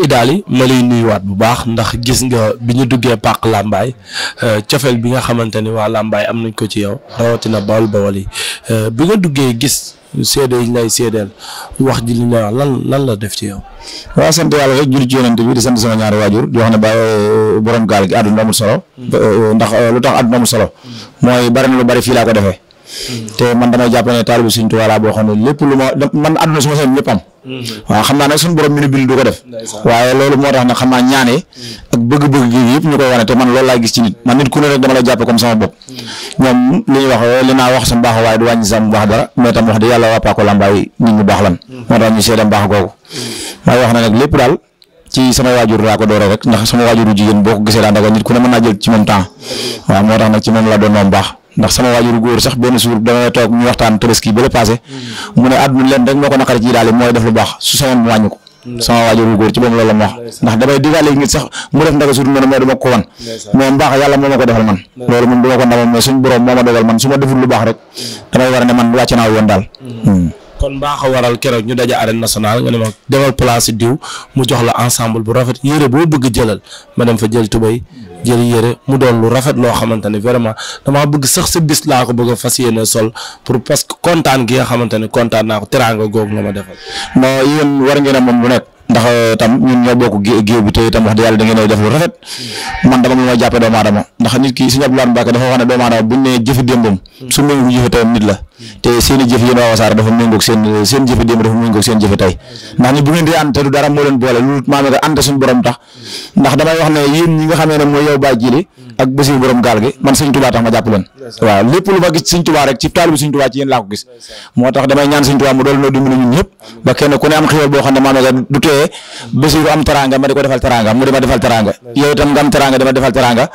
Idaly ma lay nuyuwaat bu baax ndax gis nga bi ñu duggee pàq làmbaay euh, cofeel bi nga xamante ni waa làmbaay am nañ ko ci yow rawatina bawol bawol yi euh, bi nga duggee gis seede yi ñu lay seedeel wax ji li ñu lan lan la def ci yow. waaw sant yàlla rek julli ci yonent bi di sant sama wax ne ba euh, borom gaal gi àdduna amul solo. Mm. ndax lu tax àdduna amul solo. Mm. mooy bari na lu bari fii laa ko defee. te man damay jàpp ne taalibu Sëriñ Tuubaa laa boo xam ne lépp lu ma man àdduna su ma seen lépp am waaw xam naa nag suñu borom mi nu bind du ko def waaye loolu moo tax nag xam naa ñaane ak bëgg-bëgg gi yëpp ñu koy wane te man loolu wax li daal ci sama waajur laa ko doore rek ndax sama waajuru jigéen boo ko gisee daanaka nit ku ne mën naa jël ci moom temps waaw moo tax nag ci moom la doon moom baax ndax sama waajur góor sax benn suur damay toog ñu waxtaan tabaski ba la passé mu ne àdduna leen rek moo ko naqari ci daal mooy def lu baax su sama wàññi ko góor ci boobu loolu la wax ndax damay digaale nit sax mu def ndaka suur mën mais duma ko wan mais mbaax yàlla moo ma ko defal man loolu moom duma ko ndamal mais suñ borom moo ma dogal man su ma lu baax rek mm. damay war a ne man wàcc naa woon daal mm. Mm. kon mbaax a waral keroog ñu daje arène nationale nga ne ma demal place diw mu jox la ensemble bu rafet yére boo bëgg jëlal ma dem fa jël tubay jël yére mu doon lu rafet loo xamante ne vraiment damaa bëgg sax sa bis laa ko bëgg fas yéene sol pour parce kontaan gi nga xamante ne kontaan naa ko teraanga googu nga ma defal. non yéen war ngeen a moom lu ndax euh, tam ñun ñoo te itam wax dëgg yàlla da ngeen def lu rafet man dama lu ma jàppee doomu ndax nit ki Sëñ Abdoulaye Mbacke dafa wax ne doomu aadama buñ nee jëfi démbam. su ma jëfi tey nit la. te seen i jëf yéen waa Wassare dafa méngoog seen seen jëfi démb dafa méngoog seen jëfi tey ndax ñi bu ngeen di ànd te du dara moo leen boole loolu maam nga ànd suñu borom tax ndax damay wax ne yéen ñi nga xamee ne mooy yow Baye Djily ak Basiir borom gaal gi man Sëñ Tuubaa ma damay ñaan Sëñ Tuubaa mu dool noo dimbali ñun ñëpp ba kenn ku ne am xéwal boo xam ne maam nga du tee Basiiru am teraanga ma di ko defal teraanga mu di ma defal teraanga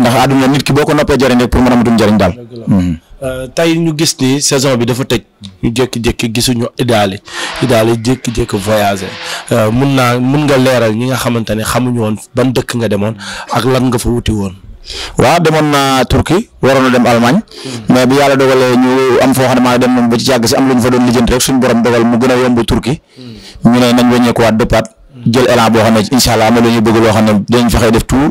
ndax àdduna nit ki boo ko noppee jëriñ rek pour mën a amatum jëriñ daal. Euh, tey ñu gis ni saison bi dafa tëj ñu jékki-jékki gisuñu idaali idaali jékki-jékki voyagé euh, mun naa mun nga leeral ñi nga xamante ne xamuñu woon ban dëkk nga demoon ak lan nga fa wuti woon. waaw demoon naa Turquie waroon na dem Allemagne hmm. mais bi yàlla dogalee ñu am foo xam ne maa dem ba ci yàgg si am lu ñu fa doon lijjanti rek suñu borom dogal mu gën a yomb Turquie hmm. ñu ne nañ wëññeekuwaat dëppaat hmm. jël élan boo xam ne incha allah am na loo xam ne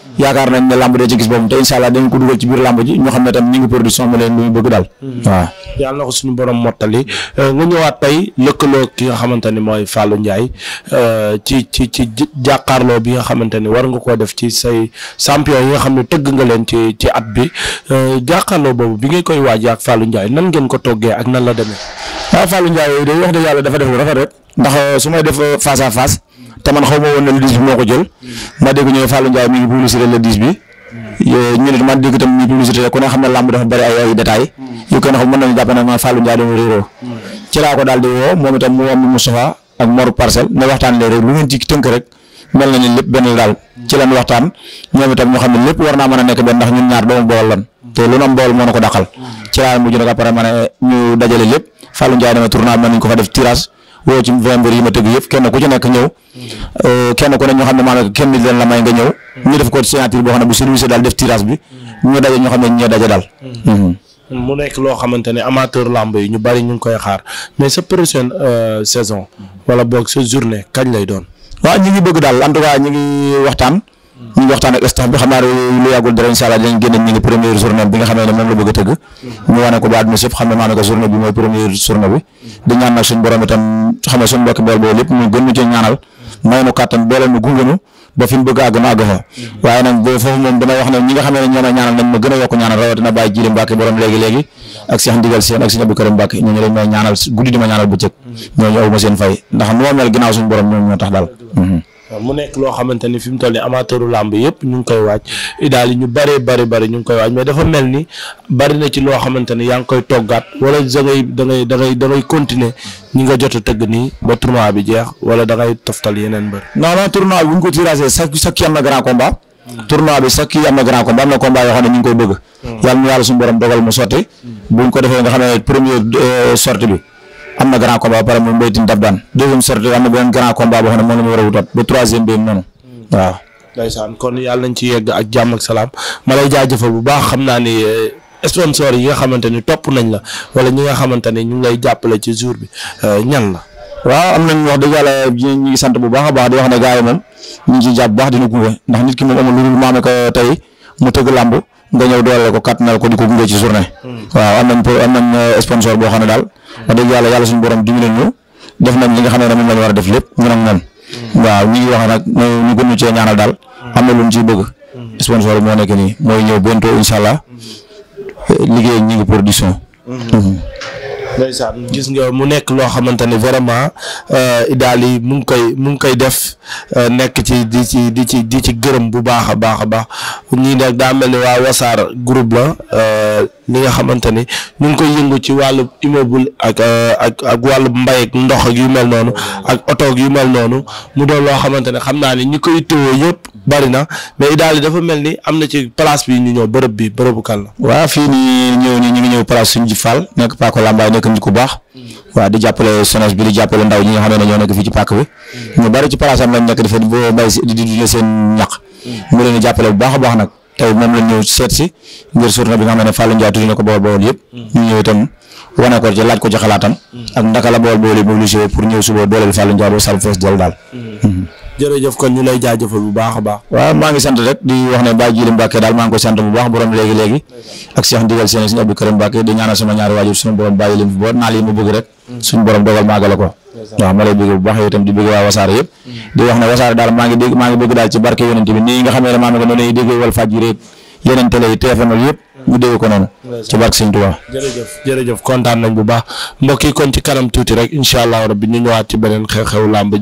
yaakaar nañ ne làmb da ci gis boobu te incha allah dañ ko dugal ci biir làmb ji ñoo xam ne tam ñu mm-hmm. euh, nga ñëwaat tey lëkkaloo ki nga xamante ni mooy Fallou Ndiaye euh, ci ci ci jàkkaarloo bi nga xamante ni war nga koo def ci say champion yi nga xam ne tëgg nga leen ci ci at bi euh, jàkkaarloo boobu bi ngay koy waaj ak Fallou njaay nan ngeen ko toggee ak nan la demee waaw ah, Fallou Ndiaye day wax dëgg yàlla dafa def lu rek ndax su may def face à te man xaw ma woon ne le bi moo ko jël mm. ma dégg ñooy Fallou Ndiaye mi ngi publicité le 10 bi mm. ñu ne ma dégg tam mi publicité ku ne xam ne làmb dafa bëri ay ay détails mm. yu kenn xam ne ma moom itam mu am Moustapha ne waxtaan lee na ni lépp benn a moo na ko dàqal ci laa mujj nag ma ne ñu dajale lépp Fallou Ndiaye dama tournoi mën nañu ko fa def tirage woo ci vingt yi ma tëgg yëpp kenn ku ci nekk ñëw euh, kenn ku ne ñoo xam ne maanaam kenn leen la may nga ñëw ñu def ko signature boo xam ne bu service daal def tirage bi ñu daje ñoo xam ne ñoo daje daal hmm. Hmm. mu nekk loo xamante ne amateur yi ñu bari ñu ngi koy xaar mais sa prochaine euh, saison wala boog sa journée kañ lay doon waaw ñi ngi bëgg daal en tout ngi waxtaan ñu ngi waxtaan ak staff bi xam naa lu yàggul dara incha allah dinañ génne ñu ngi première journée bi nga xamee ne moom la bëgg a tëgg ñu wane ko ne maanaam journée bi mooy ne suñu ñu gën mu bëgg a àgg na àgg fa wax a ñaanal nañ ma gën a yokk ñaanal rawatina bàyyi seen fay ndax nu ma mel ginnaaw suñu borom ñoom ñoo tax daal Euh, mu nekk loo xamante ni fi mu toll nii amateuru làmb yëpp ñu ngi koy waaj idaal yi ñu bëree bëri bëri ñu ngi koy waaj mais dafa mel ni bëri na ci loo xamante yaa ngi koy toggaat wala da ngay da ngay da ngay da ngay continuer ñi nga jot tëgg nii ba tournoi bi jeex wala da ngay toftal yeneen mbër. non non tournoi bu ñu ko tirasee chaque kii am na grand combat. tournoi bi chaque kii am na grand combat am na combat yoo xam ne ñu ngi koy bëgg. Hmm. yàlla na yàlla suñu borom dogal mu sotti. Hmm. bu ñu ko defee nga xam ne euh, bi. am na grand combat ba pare moom Mbaye Tine daf daan deuxième sortie am na beneen grand combat boo xam ne moom la ñu a wutaat ba troisième bi hmm. ma lay jaajëfal bu baax xam naa ni eh, sponsor yi nga xamante ni topp nañ la wala ñi nga xamante ni ñu ngi lay jàppale ci jour bi eh, ñan la. waaw am nañ wax dëgg yàlla ñu ngi sant bu baax a baax di wax ne gars yi moom ñu ngi ciy jàpp baax dina gunge ndax nit ki moom amul lu dul maame eh, ko tey mu tëgg làmb nga ñëw dooleel ko di ko gunge ci journée. Hmm. waaw am nañ am sponsor boo xam ne daal wax dëgg yàlla yàlla suñu borom dimbali ñu def nañ li nga xam ne moom la war a def lépp ñun ak moom waaw ñu ngi wax nag ñu gën ñu cee ñaanal daal xam ne lu si ciy bëgg sponsor bi moo nekk nii mooy ñëw bientôt incha allah liggéey ñi ngi production mm-hmm. ndeysaan gis nga mu nekk loo xamante ne vraiment euh, idaal yi mu ngi koy mu ngi koy def euh, nekk ci di ci di ci di ci gërëm bu baax a baax a baax ñu nag daa mel ni waa wasaar groupe la euh, li nga xamante ni ñu ngi koy yëngu ci wàll immeuble ak ak ak wàllu mbay ak ndox ak yu mel noonu ak oto yu mel noonu mu doon loo xamante xam naa ni ñi koy tëwoo yëpp bari na mais de dafa mel ni am na ci place bi ñu ñëw bërëb bi bërëbu kan la. waaw fii nii ñëw ni ñu ngi ñëw place suñu ji Fall nekk Paco Lambaye nekk nit ku baax. Hmm. waa di jàppale SONES bi di jàppale ndaw ñi nga xam ne ñoo nekk fii ci pàkk bi. Hmm. ñu bari ci place am lañ nekk dafa boo bay di dundee seen ñaq. Hmm. mu leen jàppale bu baax a baax nag tey moom lañ seet si ngir surna bi nga xam ne Fallou Ndiaye tudd na ko Bawol Bawol yëpp. ñu ñëw itam wane ci la Bawol Bawol yi pour ñëw suba dooleel Fallou Ndiaye jërëjëf kon ñu lay jaajëfal bu baax a baax. waaw maa ngi sant rek di wax ne Baye Djily Mbacke daal maa ngi koy sant bu baax borom léegi léegi ak Cheikh Ndigal Sène suñu Abdou Karim Mbacke di ñaanal sama ma lay bëgg bu baax yow itam di bëgg waa wasaare ne maa ngi bëgg daal ci barke yonent bi nii nga xamee ne maa ngi dégg wal faj yi yeneen télé yi téléphone yëpp ñu dégg ko noonu ci barke Sëñ Tuubaa kontaan nañ bu baax mbokk kon ci kanam tuuti rek incha allah rabbi ñu ñëwaat ci beneen xew-xew làmb